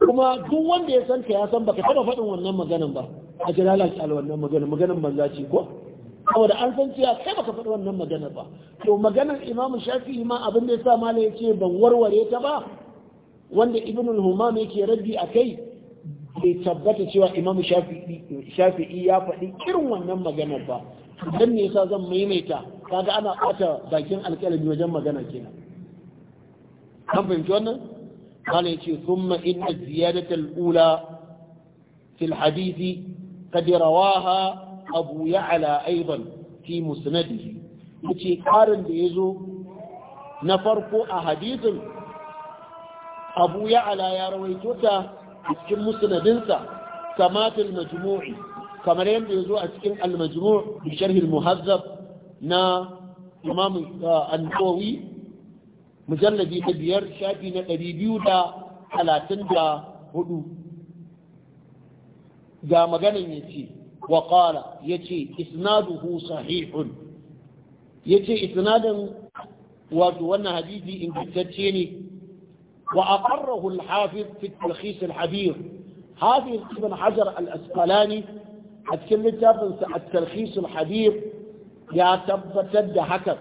kuma duk wanda ya san ka ya san baka taba faɗin wannan maganan ba a jalalar wannan maganan maganan banza ce ko saboda an san cewa kai baka faɗi wannan magana ba to maganar imam shafi'i ma abin da yasa mala ce ban warware ta ba wanda ibn al-humam yake rabbi akai bai tabbata cewa imam shafi'i ya faɗi irin wannan maganar ba dan ne yasa zan maimaita kaga ana ɓata bakin alƙalami wajen magana kenan kan fahimci wannan mala yace thumma inna ziyadatal ula fil hadisi qad abu ya'ala aiban fi musnadihi yace karin da yazo na farko a hadisin abu ya'ala ya rawaito ta cikin musnadinsa kamatul majmu'i kamar yadda yazo a cikin al-majmu' bi sharh al-muhazzab na imam uh, an-nawawi mujalladi ta biyar shafi na 234 ga maganan yace وقال يتي إسناده صحيح يتي إسنادا وأن حديثي إن كتتيني وأقره الحافظ في التلخيص الحبير هذه ابن حجر الأسقلاني أتكلم تابنس التلخيص الحبير يا تبتد حكر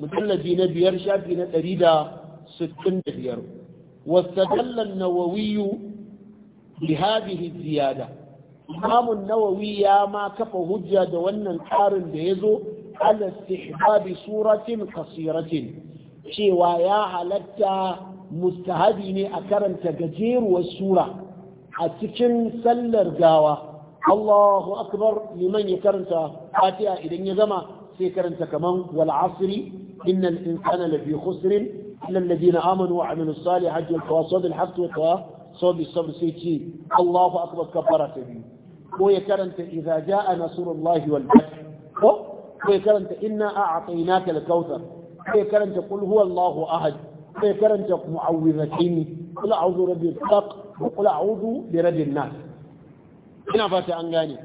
مجلد نبي يرشا في نتريد ستين بير واستدل النووي بهذه الزيادة imamun nawawi ya ma kafa hujja da wannan tsarin da ya zo ala istihbabi suratin kasiratin cewa ya halatta mustahabi ne a karanta gajeruwar sura a cikin sallar gawa Allahu akbar liman ya karanta fatiha idan ya zama sai karanta kaman wal asri innal insana lafi khusrin illa alladhina amanu wa amilus salihati wa tawasaw bil haqqi wa tawasaw bis sabr sai ce Allahu akbar kabbara ta biyu ko ya karanta idza jaa nasrullahi wal fath ko ko ya karanta inna a'tainaka al-kautsar ko ya karanta qul huwallahu ahad ko ya karanta mu'awwidhatayn qul a'udhu rabbil falaq wa qul a'udhu bi rabbin nas ina fata an gane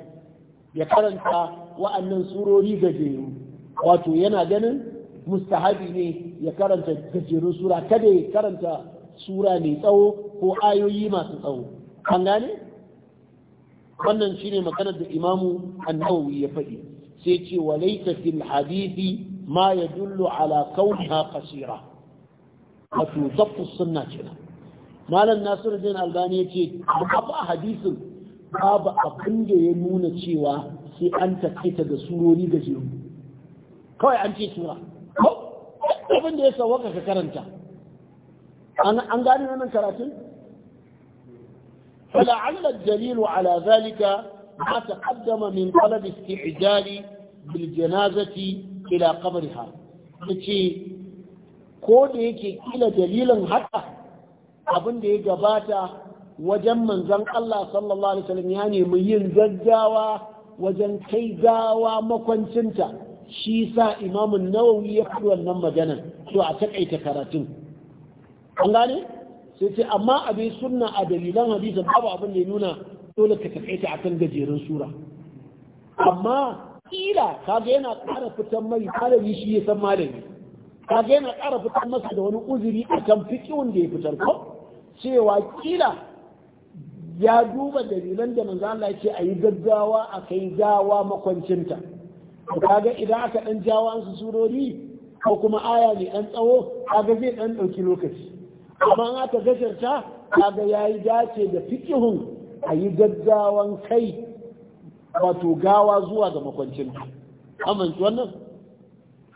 ya karanta wa'annan surori gajeru wato yana ganin mustahabi ne ya karanta gajerun sura kada ya karanta sura mai tsawo ko ayoyi masu tsawo an gane wannan shi ne maganar da imamu an ya faɗi sai ce wa laysa fil hadithi ma ya yadullu ala kaunha qasira wato zafu sunna kenan malam Nasiru, nasiruddin albani ya yace babu hadisin babu abin da ya nuna cewa sai an takaita da surori gajeru kawai an ce sura abin da ya sawaka ka karanta an gane wannan karatun فلعل الدليل على ذلك ما تقدم من طلب استعجال بالجنازة إلى قبرها تشي كود يكي إلى دليل حتى abin da ya gabata wajen manzan Allah sallallahu Alaihi wasallam ya nemi yin gaggawa wajen kai gawa makwancinta shi sa imamun nawawi ya fi wannan magana to a takaita karatun an gane? sai ce amma abin sunna a dalilan hadisin babu abin da ya nuna dole ka ta akan gajeren sura amma kila kaga yana ƙara fitan mai malami shi ya san malami kaga yana ƙara fitan masa da wani uzuri kan fikiyon da ya fitar ko cewa kila ya duba dalilan da manzo Allah yake a yi gaggawa a kai gawa makwancinta kaga idan aka dan jawa su surori ko kuma aya ne dan tsawo kaga zai dan dauki lokaci amma aka gajarta kaga yayi dace da fikihun a yi gaggawan kai wato gawa zuwa ga makwancin amince wannan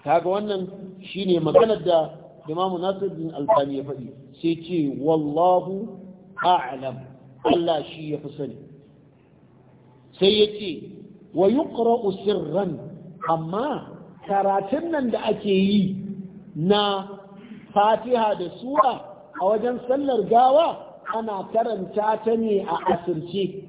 kaga wannan shine maganar da Imam Nasir bin Albani ya faɗi sai ce wallahu a'lam Allah shi ya fi sani sai yace wa yuqra'u sirran amma karatun nan da ake yi na Fatiha da sura a wajen sallar gawa ana karanta ta ne a asirce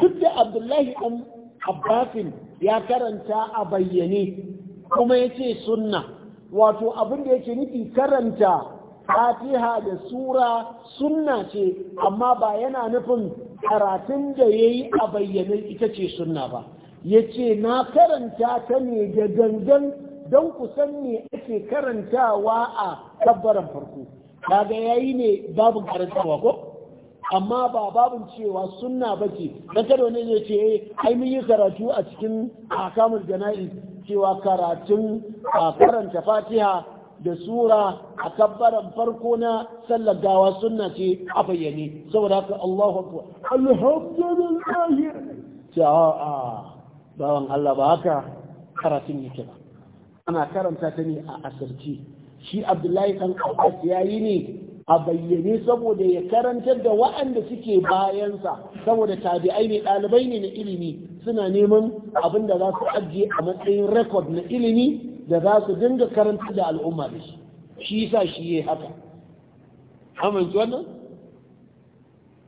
duk da abdullahi ɗan abbasin ya karanta a bayyane kuma ya ce sunna wato abin da yake nufi karanta fatiha da sura sunna ce amma ba yana nufin karatun da ya yi a bayyane ita ce sunna ba ya ce na karanta ta ne da gangan don ku san ne ake karantawa a tabbaran farko kaga yayi ne babu karantarwa ko amma ba babun cewa sunna bace dan kada wani ne ce eh, ai mun yi karatu a cikin akamul jana'i cewa karatun karanta fatiha da sura a kabbaran farko na sallar gawa sunna ce a bayyane saboda haka Allahu akbar alhamdulillah ba ah, ah, bawan Allah ba haka karatun yake ba ana karanta ta ne a asirci shi abdullahi ɗan abbas ya yi ne a bayyane saboda ya karantar da wa'anda suke bayansa saboda tabi'ai ne ɗalibai ne na ilimi suna neman abin da za su ajiye a matsayin rekod na ilimi da za su dinga karantar da al'umma da shi shi sa shi ya haka amince wannan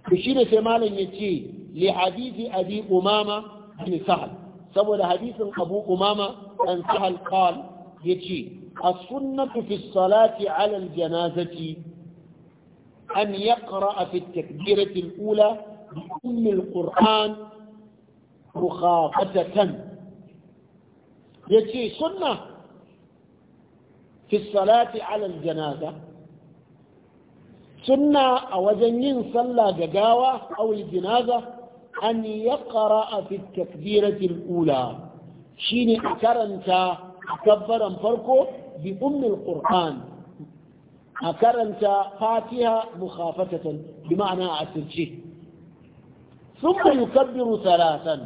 to shi da sai malam ya ce li hadisi abi umama bin sahal saboda hadisin abu umama dan sahal ya ce السنة في الصلاة على الجنازة أن يقرأ في التكبيرة الأولى بأم القرآن مخافة يجي سنة في الصلاة على الجنازة سنة أوزنين صلى جداوة أو الجنازة أن يقرأ في التكبيرة الأولى شيني أكرنت أكبرا فرقه bi ummil kur'an a karanta fatiha mukhafatatan bi ma'ana a asirce thumma yukabbiru thalathan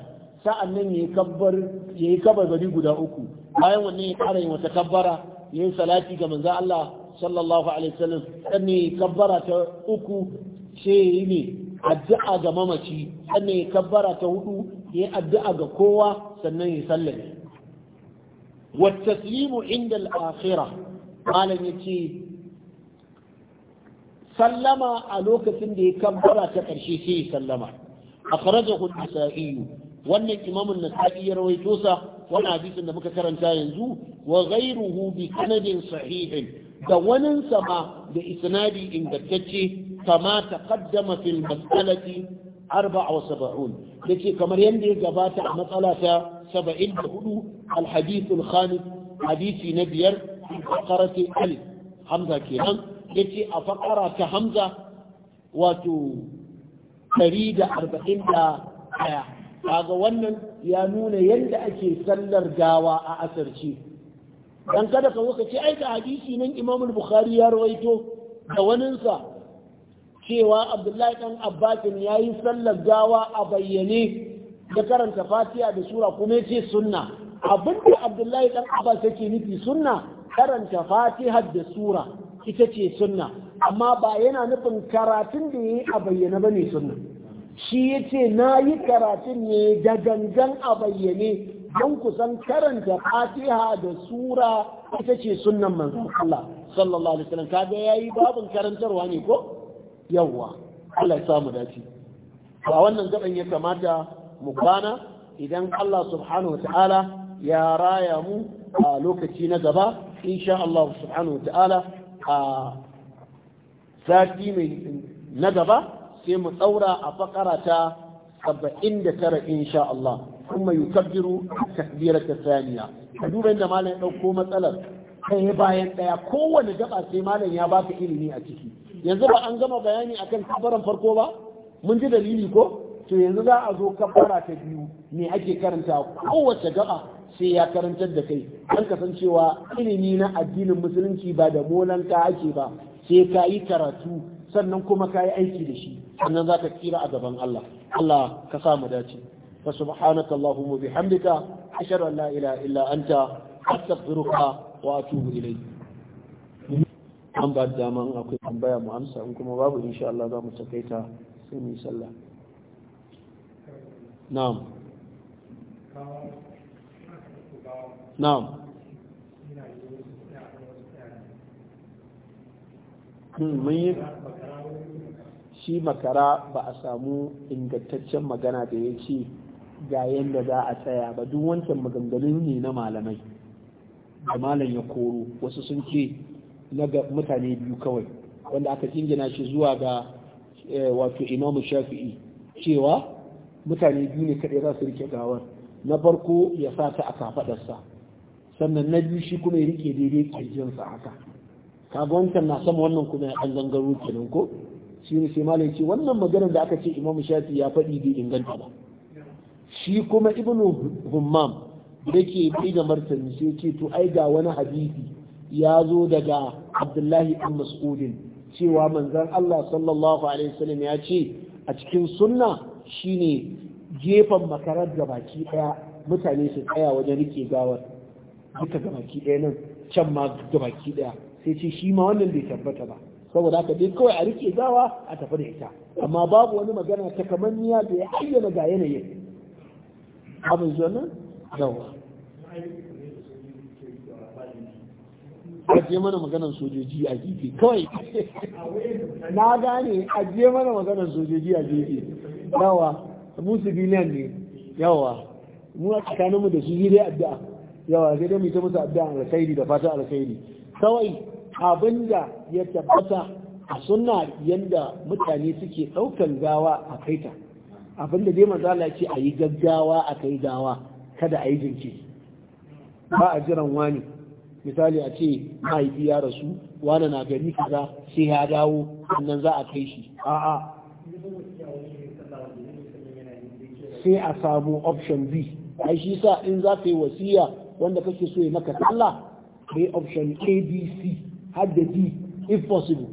sa'annan yayi kabbar yayi guda uku bayan wannan ya kara yin wata kabbara yayi salati ga manzo Allah sallallahu alaihi wasallam sannan kabbara ta uku sai ne addu'a ga mamaci sannan kabbara ta hudu yayi addu'a ga kowa sannan ya sallame والتسليم عند الآخرة قال يتي سلم ألوك سندي كم برا تقرشي سي سلم أخرجه النسائي وأن الإمام النسائي يروي توسى وأن حديث أن مكسرا ينزو وغيره بسند صحيح دون سما بإسناد إن كما تقدم في المسألة 74 يتي كما يندي جبات مسألة سبعين هدو الحديث الخامس حديث نبير في فقرة ألف حمزة كيران يتي أفقرة كحمزة واتو تريد أربعين آية kaga wannan ya nuna yadda ake sallar dawa a asarci dan kada ka wuka ce aika hadisi nan imam bukhari ya rawaito da waninsa cewa abdullahi dan abbasin ya yi sallar gawa a bayyane ya karanta fatiha da sura kuma yace sunna abinda abdullahi dan abbas yake nufi sunna karanta fatiha da sura ita ce sunna amma ba yana nufin karatun da yayi a bayyana bane sunna shi yace nayi karatun ne da gangan a bayyane don kusan karanta fatiha da sura ita ce sunnan manzo Allah sallallahu alaihi wasallam kaga yayi babin karantarwa ne ko yawwa Allah ya samu dace ba wannan gaban ya kamata mu kwana idan Allah subhanahu wa ta'ala ya raya mu a lokaci na gaba insha Allah subhanahu wa ta'ala a sati mai na gaba sai mu tsaura a fakara ta 79 insha Allah kuma yukabbiru takbirata thaniya ka duba inda malam ya dauko matsalar ɗaya bayan ɗaya kowane gaba sai malam ya ba baka ilimi a ciki yanzu ba an gama bayani akan kabaran farko ba mun ji dalili ko to yanzu za a zo kafara ta biyu me ake karanta kowace gaba sai ya karantar da kai an kasancewa ilimi na addinin musulunci ba da molanta ake ba sai ka yi karatu sannan kuma ka yi aiki da shi sannan za ka tsira a gaban Allah Allah ka sa mu dace fa subhanaka allahumma bihamdika ashhadu an la ilaha illa anta astaghfiruka wa atubu ilayk an ba dama akwai tambaya mu amsa in kuma babu insha Allah za mu takaita sai mu yi sallah na'am hmm, mun yi shi makara ba a samu ingantaccen magana da ya ce ga yadda za a tsaya ba duk wancan maganganun ne na malamai da malam ya koro wasu sun ce na mutane biyu kawai wanda aka jingina shi zuwa ga eh, wato imamu shafi'i cewa mutane biyu ne kaɗai za su rike gawar na farko ya sa ta a kafaɗarsa sannan na biyu shi kuma ya rike daidai kirjinsa haka kaga wancan na sama wannan kuma ya ɗan gangaro kenan ko shi ne sai malam ce wannan maganar da aka ce Imam shafi ya faɗi bai inganta ba shi kuma ibnu hummam da ke bai da martani sai ce to ai ga wani hadisi ya zo daga abdullahi ɗan mas'udin cewa manzan Allah sallallahu alaihi wasallam ya ce a cikin sunna Shi ne gefen makarar gabaki daya mutane su tsaya wajen rike gawar duka gabaki daya nan can ma gabaki daya sai ce shi ma wannan bai tabbata ba saboda haka dai kawai a rike gawa a tafi da ita amma babu wani magana ta kamanniya da ya ayyana ga yanayin abin zuwa nan ajiye mana maganar sojoji a gefe kawai na gane ajiye mana maganar sojoji a gefe yawa mu biliyan ne yawa mu a tsakaninmu da shi dai addu'a yawa sai dai mu ta musu addu'a alkhairi da fata alkhairi kawai abin da ya tabbata a suna yadda mutane suke ɗaukan gawa a kaita da dai mazala ce a yi gaggawa a kai gawa kada a yi jinkiri ba a jiran wani misali a ce mahaifi ya rasu wani na gari kaza sai ya dawo sannan za a kai shi a'a sai a samu option B a shi sa in za ka yi wasiya wanda kake so ya maka sallah kai option A B C har da D if possible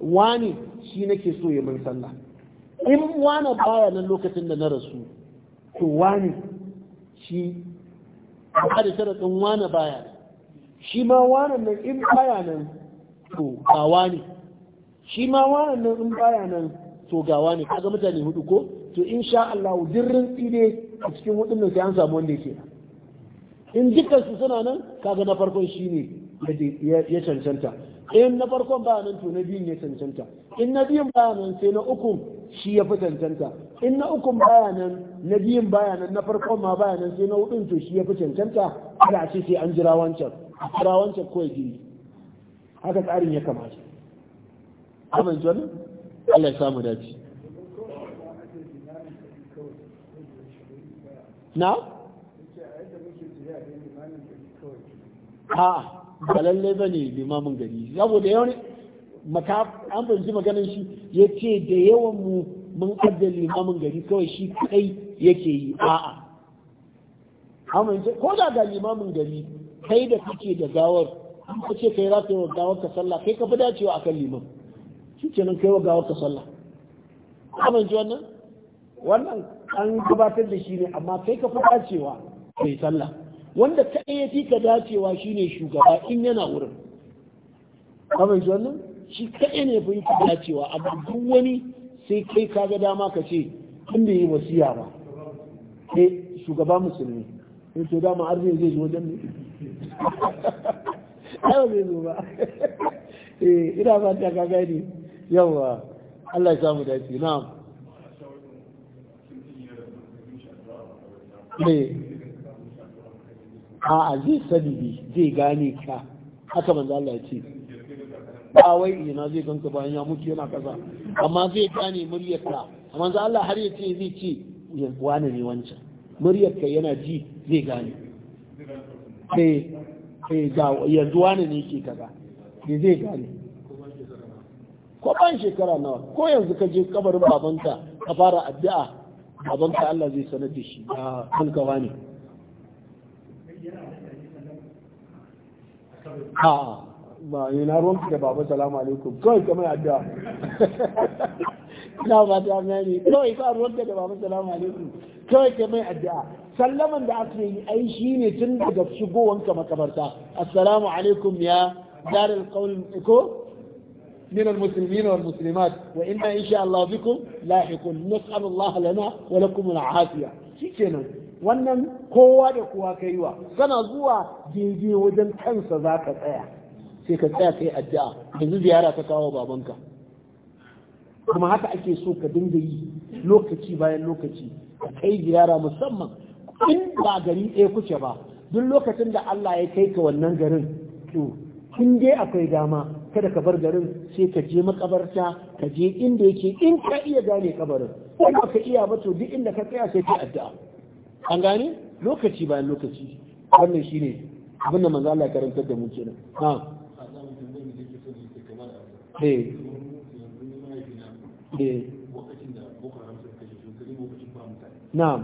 wani shi nake so ya min sallah in wani baya nan lokacin da na rasu to wani shi a da sharaɗin wani baya shi ma wani nan in baya nan to gawa wani shi ma wani nan in baya nan to gawa wani kaga mutane hudu ko to sha Allah rinsi tsire a cikin hudun sai an samu wanda yake in dukkan su suna nan kaga na farkon shi ne, ya cancanta in na farkon ba nan to na biyun ya cancanta in na biyun ba nan sai na uku shi ya fi cancanta in na ukun baya nan na biyun baya nan na farkon ma ba nan sai na hudun to shi ya fi cancanta kada a ce sai an jira wancan a jira wancan kawai gini haka tsarin ya kamata amin Allah ya samu dace na? a ah, ba lalle ba ne limamin gari saboda yawan maka an fahimci maganin shi ya ce da yawan mu mun adda limamin gari kawai shi kai yake yi a'a ko da ga limamin gari kai da kake da gawar an ka ce kai za ka yi wa gawar ka sallah kai ka fi dacewa akan liman shi nan kai wa gawar ka sallah amince wannan wannan an gabatar da shi ne amma kai ka fi dacewa kai sallah wanda kaɗai ya fi ka dacewa shine shugaba in yana wurin kamar shi wannan shi kaɗai ne fi ka dacewa amma duk wani sai kai ka ga dama ka ce in bai yi wasiya ba eh shugaba musulmi in eh, to dama arziki zai zo wajen ne ai zai zo ba eh ina ba ta ga gani yawa Allah ya samu dace na'am ne a zai sani zai gane ka haka manzo Allah ya ce ba wai ina zai ganka bayan ya mutu yana kasa amma zai gane muryarka amma za Allah har ya ce zai ce wani ne wancan muryarka yana ji zai gane sai eh, sai eh, ga yanzu wani ne yake kaza ne eh, zai gane ko ban shekara nawa ko yanzu ka je kabarin babanka ka fara addu'a ta Allah zai sanar da shi a kankawa ne Ha, ba yana eh, ruwan da baba salamu alaikum kawai kamar addu'a na ba ta mani kawai ka ruwan da baba salamu alaikum kawai kamar addu'a sallaman da aka yi ai shi ne tun daga shigowanka makabarta assalamu alaikum ya darar kaunin ko من المسلمين والمسلمات وإنا إن شاء الله بكم لاحقون نسأل الله لنا ولكم العافية شكرا wannan kowa da kowa ka yi wa kana zuwa daidai wajen kansa za ka tsaya sai ka tsaya kai addu'a yanzu ziyara ta kawo babanka kuma haka ake so ka dinga yi lokaci bayan lokaci ka kai ziyara musamman in ba gari ɗaya kuke ba duk lokacin da Allah ya kai ka wannan garin to kin dai akwai dama kada ka bar garin sai ka je makabarta ka je inda yake in ka iya gane kabarin ko ba ka iya ba to duk inda ka tsaya sai ka addu'a an gane lokaci bayan lokaci wannan shine abin da manzo Allah ya karantar da mu kenan ha eh eh na'am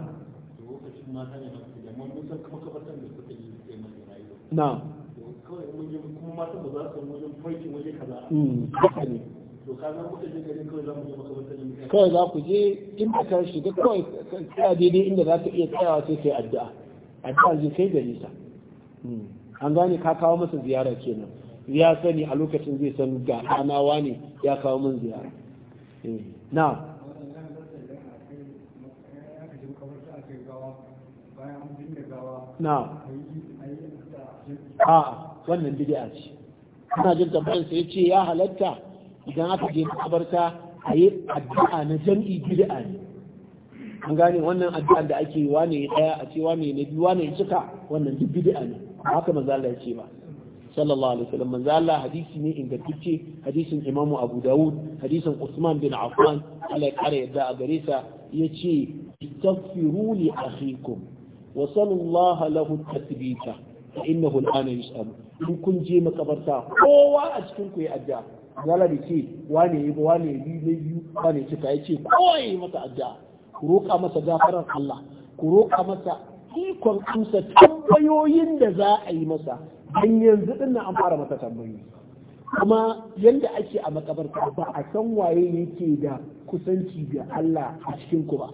na'am kawai za ku je in ba ka shiga kawai tsaya daidai inda za ka iya tsayawa sai kai addu'a addu'a zai kai gare ta hmm, an gane ka kawo masa ziyara kenan ya sani a lokacin zai san ga 'anawa ne ya kawo min ziyara na na a wannan bid'a ce ana jin tambayar sai ce ya halatta idan aka je makabarta a yi addu'a na jam'i bid'a ne an gane wannan addu'a da ake yi wane ɗaya a ce wane na biyu wane cika wannan duk bid'a ne haka manzo Allah ya ce ba sallallahu alaihi wasallam manzo Allah hadisi ne ingantacce hadisin Imam Abu Dawud hadisin Usman bin Affan Allah ya kare yadda a gare sa yace istaghfiru li akhikum wa sallallahu lahu at-tathbita fa innahu al-ana yus'alu in kun je makabarta kowa a cikin ku ya addu'a zala da ce wane yi ba wane yi biyu biyu wane cika ya ce kowa ya yi masa addu'a ku roƙa masa gafarar Allah ku roƙa masa ikon amsa tambayoyin da za a yi masa dan yanzu din an fara masa tambayoyi kuma yadda ake a makabarta ba a san waye yake da kusanci ga Allah a cikin ku ba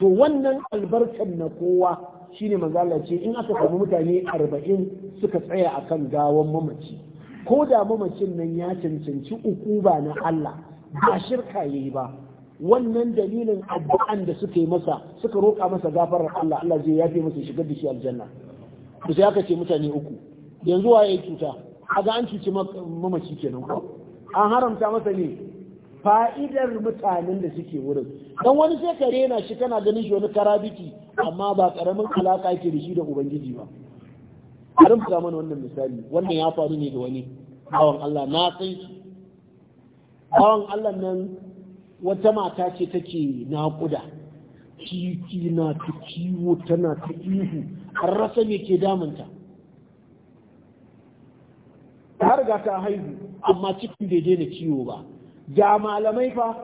to wannan albarkar na kowa shine ne ce in aka samu mutane arba'in suka tsaya a kan gawan mamaci ko da mamacin nan ya cancanci uku ba na Allah ba shirka ya yi ba wannan dalilin addu'an da suka yi masa suka roƙa masa gafarar Allah Allah zai yafe masa shigar da shi aljanna to sai aka ce mutane uku yanzu waye cuta kaga an cuci mamaci kenan ko an haramta masa ne fa'idar mutanen da suke wurin don wani sai ka rena shi kana ganin shi wani karabiki amma ba karamin alaka yake da shi da ubangiji ba Karin rumfuka mana wannan misali wannan ya faru ne da wani bawan Allah na san shi bawan Allah nan wata mata ce take naƙuda kiki na ta kiwo tana ta ihu an rasa me ke damunta ta riga ta haihu amma cikin daidai daina kiwo ba ga malamai fa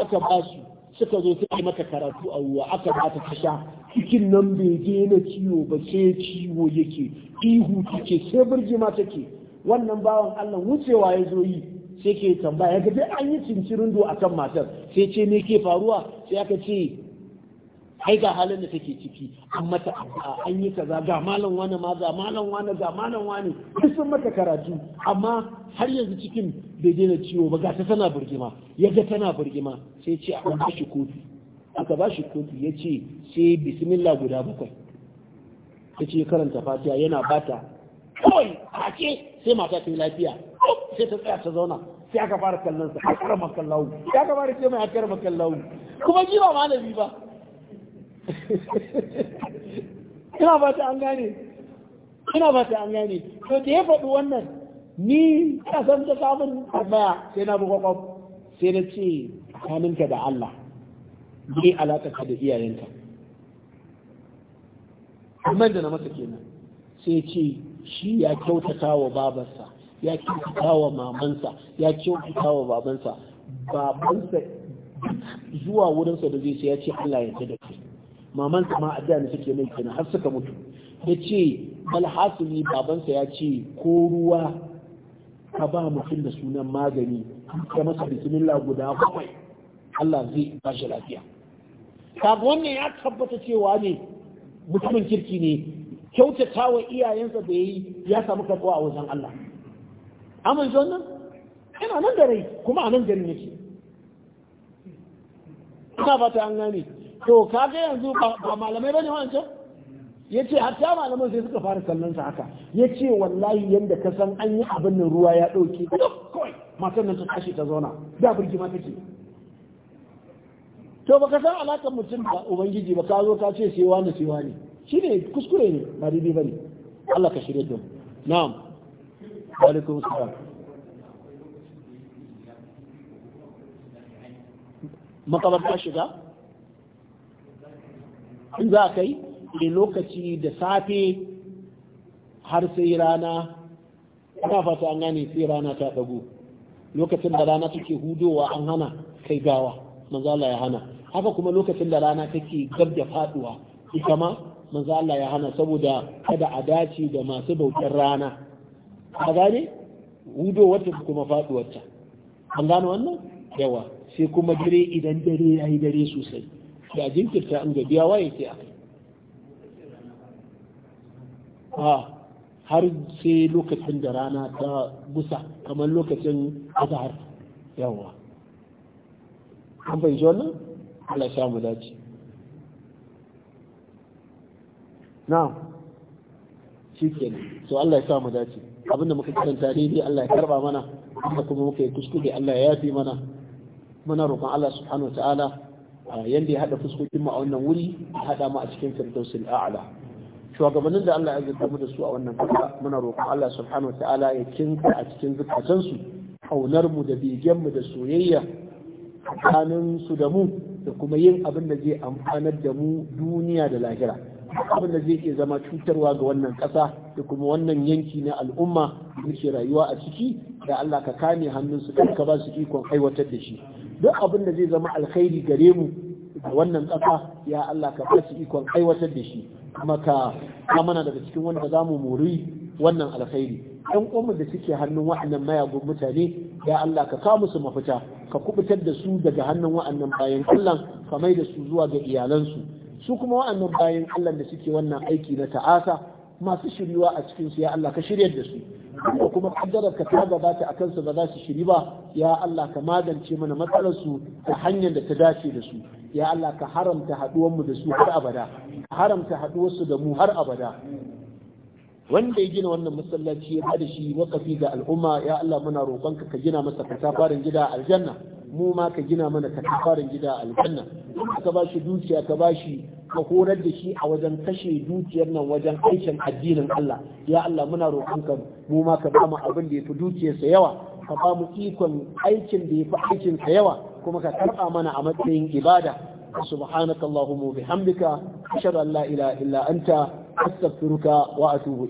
aka ba su suka zo suka mata karatu a ruwa aka ba ta tasha cikin nan bai je na ciwo ba sai ciwo yake ihu take sai ma take wannan bawan Allah wucewa ya zo yi sai ke tambaya ga dai an yi cincirin do akan matar sai ce me ke faruwa sai aka ce ai ga halin da take ciki an mata an yi kaza ga malam wani ma ga malam wani ga malam wani duk sun mata karatu amma har yanzu cikin bai daina ciwo ba ga ta tana burgima ya ga tana burgima sai ce a ba shi kofi aka ba shi kofi ya ce sai bismillah guda bakwai ta ce karanta fatiha yana bata kawai ce sai mata ta yi lafiya sai ta tsaya ta zauna sai aka fara kallon sa a kara makallahu sai aka fara ce mai a kara makallahu kuma ji ba malami ba ina ba ta an gane ina ba ta an gane to da ya faɗi wannan ni kasan ta samun tambaya sai na buga kwakwaf sai na ce tsakaninka da Allah ne alaƙa da iyayenka amma da na masa kenan sai ce shi ya kyautata wa babansa, ya kyautata wa mamansa ya kyautata wa babansa babansa zuwa wurinsa da zai sai ya ce Allah ya da kai maman ma a ne suke mai kenan har suka mutu ya ce alhasili babansa ya ce ko ruwa ka ba mutum da sunan magani ka masa bismillah guda kawai Allah zai ba shi lafiya kaga wannan ya tabbata cewa ne mutumin kirki ne kyautata wa iyayensa da yayi ya samu karɓuwa a wajen Allah amin wannan ina nan da rai kuma a nan garin yake ina fata an gane to kaga yanzu ba malamai bane wancan ya ce hatta malamin sai suka fara kallon sa haka ya ce wallahi yadda ka san an yi abin nan ruwa ya ɗauke kawai matan nan ta tashi ta zauna da birgi ma take to baka san alakan mutum da ubangiji ba ka zo ka ce sai wani sai wani shine kuskure ne ba daidai bane Allah ka shirye don na'am wa alaikum salam ta shiga in za ka yi ne eh, lokaci da safe har sai rana ana fata an gane sai rana ta ɗago lokacin da rana take hudowa an hana kai gawa manzo Allah ya hana haka kuma lokacin da rana take gab da faduwa ita ma manzo Allah ya hana saboda kada a dace da masu bautar rana a gane hudowar ta kuma faduwar ta an gane wannan yawa sai kuma dare idan dare yayi dare sosai ya jinkirta in gabiya waye sai aka a har sai lokacin da rana ta gusa kamar lokacin azahar yawa an bai wannan Allah sha mu dace na'am shikenan so Allah ya sa mu dace abinda muka karanta daidai Allah ya karba mana kuma muka yi kuskure Allah ya yafi mana muna roƙon Allah subhanahu wa ta'ala Ah, yanda ya haɗa fuskokin mu a wannan wuri haɗa mu a cikin firdausul a'la shugabannin da Allah ya zarta mu da su a wannan kasa muna roƙon Allah subhanahu wataala ya kinka a cikin zukatan su kaunar mu da begen mu da soyayya tsakanin su da mu da kuma yin abin da zai amfanar da mu duniya da lahira abin da zai ke zama cutarwa ga wannan ƙasa da kuma wannan yanki na al'umma da ke rayuwa a ciki da Allah ka kame hannunsu kan ka ba su ikon aiwatar da shi duk abin da zai zama alkhairi gare mu a wannan ƙasa ya Allah ka fashi ikon aiwatar da shi kuma ka amana daga cikin wanda za mu muri wannan alkhairi ɗan ƙwamu da suke hannun wa'annan mayagun mutane ya Allah ka kawo musu mafita ka kubutar da su daga hannun wa'annan bayan Allah ka mai da su zuwa ga iyalansu su kuma wa'annan bayan Allah da suke wannan aiki na ta'asa masu shiryuwa a cikin su ya Allah ka shirya da su da kuma kaddarar ka ta gabata a kansu ba za su shiri ba ya Allah ka magance mana matsalar su ta hanyar da ta dace da su ya Allah ka haramta haduwar mu da su har abada haramta haduwar su da mu har abada wanda ya gina wannan masallaci ya bada shi wakafi ga al'umma ya Allah muna roƙonka ka gina masa katafaren gida aljanna mu ma ka gina mana katafaren gida aljanna ka ba shi dukiya ka ba shi ka horar da shi a wajen kashe dukiyar nan wajen aikin addinin Allah ya Allah muna roƙonka mu ma ka bamu abin da yafi dukiyarsa yawa ka bamu ikon aikin da yafi aikin sa yawa kuma ka karɓa mana a matsayin ibada subhanaka allahumma bihamdika ashhadu an la ilaha illa anta astaghfiruka wa atubu